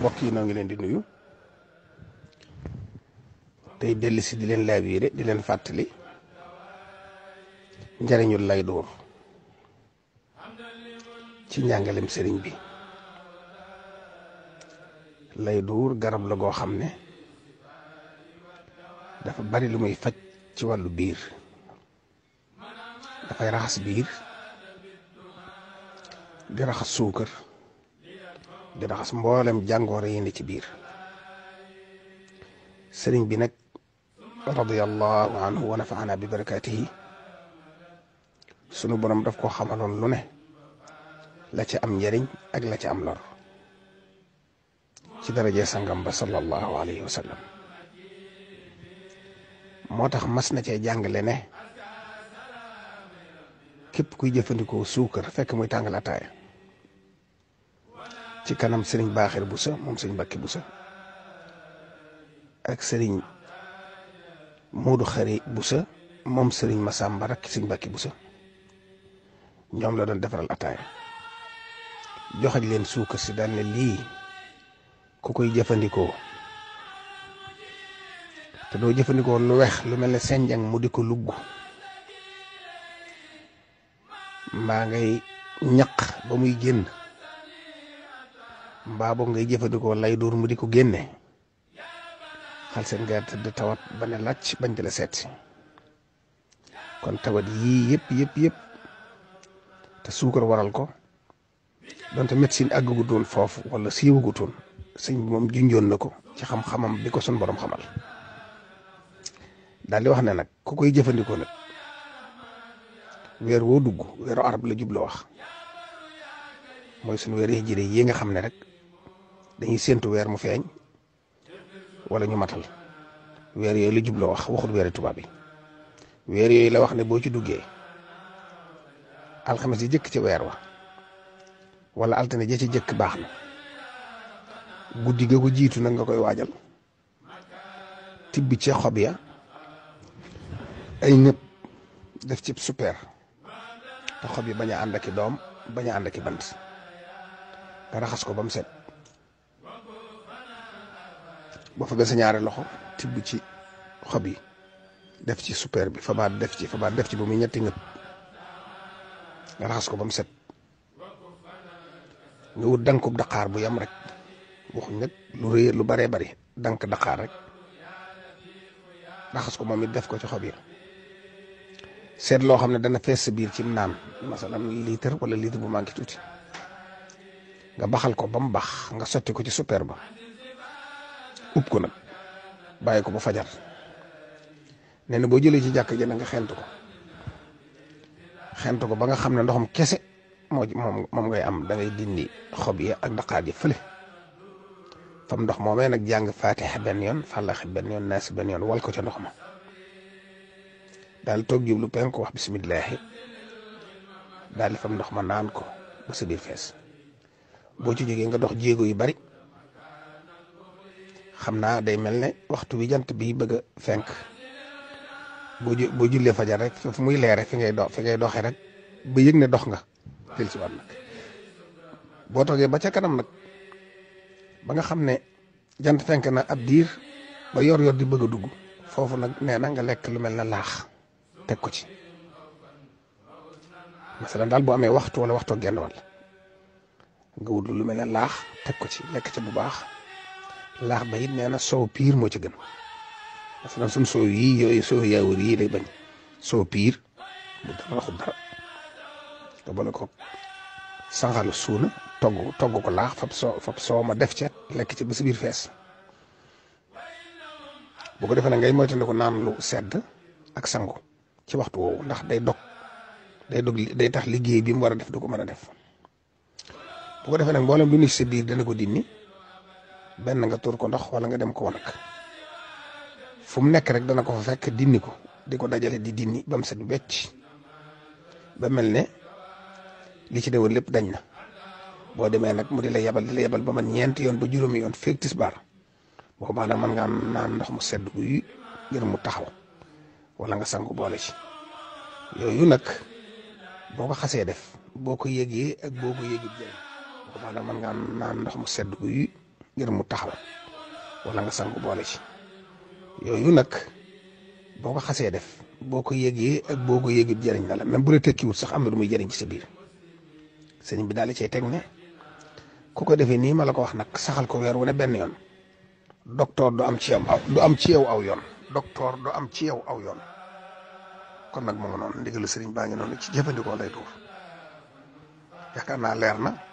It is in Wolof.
mbokk yi noo ngi leen di nuyu tey dellu si di leen laabiire di leen fàttali njariñul lay door ci njàngalem sëriñ bi lay door garab la goo xam ne dafa bari lu muy faj ci wàllu biir dafay raxas biir di raxas suukar di raxas mboolem jangoro yi ne ci bir serigne bi nak radiyallahu anhu wa nafaana bi barakatihi sunu borom daf ko xamalon lu ne la ci am njariñ ak la ci am lor ci daraje sangam ba sallallahu alayhi wa sallam mas na ci jangale ne kep kuy jëfandikoo suukar fekk muy tàngal ci kanam sëriñ Baaxir Boussa moom sëriñ Mbacke Boussa ak sëriñ Modou Xari Boussa moom sëriñ Massamba rek sëriñ Mbacke Boussa ñoom la doon defaral ataaya joxañ leen suukar si daan lii ku koy jëfandikoo te doo jëfandikoo lu weex lu mel ni senjang mu di ko lugg mbaa ngay ñaq ba muy génn baabo ngay jëfëndiko lay dur mu diko ko xal seen nga de tawat bané lacc bañ di sét kon tawat yi yépp yépp yépp té sukkar waral ko donte médecine dul fofu wala siiwagutoon sëñ señ mom junjoon na ko ci xam-xamam biko ko sun borom xamal dal li wax né nak ku koy jëfëndiko nak wër wo dugg wër arab la jublu wax moy sunu weer yi yi nga xamné rek dañuy séentu weer mu feeñ wala ñu matal weer yooyu la jubloo wax waxut weeri tubaab yi weer yooyu la wax ne boo ci duggee alxames yi jëkk ci weer wa wala altine ja ci jëkk baax na guddi ga ko jiitu nag nga koy waajal tibbi ci xob ya ay ñëpp def ci super te xob yi bañ a ànd ak i doom bañ a ànd ak i bant nga raxas ko ba mu set boo fa sa loxo tibb ci xob yi def ci super bi fabaat def ci fabaat def ci ba muy ñetti ngëp nga raxas ko ba mu set nga wut dankub daqaar bu yam rek waxuñ nag lu rëy lu baree bari dank daqaar rek raxas ko moom it def ko ci xob yi seet loo xam ne dana fees sa biir ci naan masalan litre wala litre bu manqué tuuti nga baxal ko ba mu bax nga sotti ko ci super ba ub ko nag bàyyi ko ba fajar nee na boo jëlee ci jàkk ji na nga xent ko xent ko ba nga xam ne ndoxam kese moo moom moom ngay am da ngay dindi xob yi ak ndaqaat yi fële fam ndox moomee nag jàng faatixa benn yoon fàllaxi benn yoon naasi benn yoon wal ko ca ndox ma daal toog jublu penk wax bisimilahi daal di fam ndox ma naan ko ba sa fees boo ci jegee nga dox jéego yu bari xam naa day mel ne waxtu wi jant bi bëgg a fenk boo ju boo jullee fajar rek fu muy leer rek fi ngay dox fi ngay doxee rek ba yëg ne dox nga del si waat nag boo toogee ba ca kanam nag ba nga xam ne jant fenk na ab diir ba yor-yor di bëgg a dugg foofu nag nee na nga lekk lu mel na laax teg ko ci masalan daal boo amee waxtu wala waxtoo genn wàll nga wut lu mel na laax teg ko ci lekk ci bu baax. laax ba it nee na soow piir moo ci gën parce que suñ soow yii yooyu soow yaawur yii lay bañ soow dara ko sanxalu suuna togg togg ko laax fab soo fab ma def ca lekk ci ba si biir fees bu ko defee nag ngay moytandiku naan lu sedd ak sangu ci waxtu woowu ndax day dog day dog day tax liggéey bi mu def du ko def bu ko defee nag mboolem lu nekk sa biir dana ko dinni ben nga tour ko ndox wala nga dem ko wonak fum nek rek dana ko fa fek dindi ko di dajale di dindi bam set becc ba melne ne li ci dewoon lepp dañ na boo demee nag mu di la yebal di la yebal ba man ñeenti yoon ba juróomi yoon tisbar bo ba na man nga naan ndox mu sedd guy ngir mu taxaw wala nga sangu boole ci yoyu nak boko xasse def boko yegge ak boko yegge jël bo ba na man nga naan ndox mu sedd ngir mu taxaw wala nga sangu boole yooyu nag boo ko xasee def boo ko yëgee ak boo ko yëgut jëriñ na la même bu la tekkiwut sax am na du muy jëriñ ci sa biir sëriñ bi daal di cay teg ku ko defee nii ma la ko wax nag saxal ko weer wu benn yoon docteur du am ci yow aw du am ci aw yoon docteur du am ci yow aw yoon kon nag mu nga noonu sëriñ baa ngi noonu ci jëfandikoo lay tuur yaakaar naa leer na.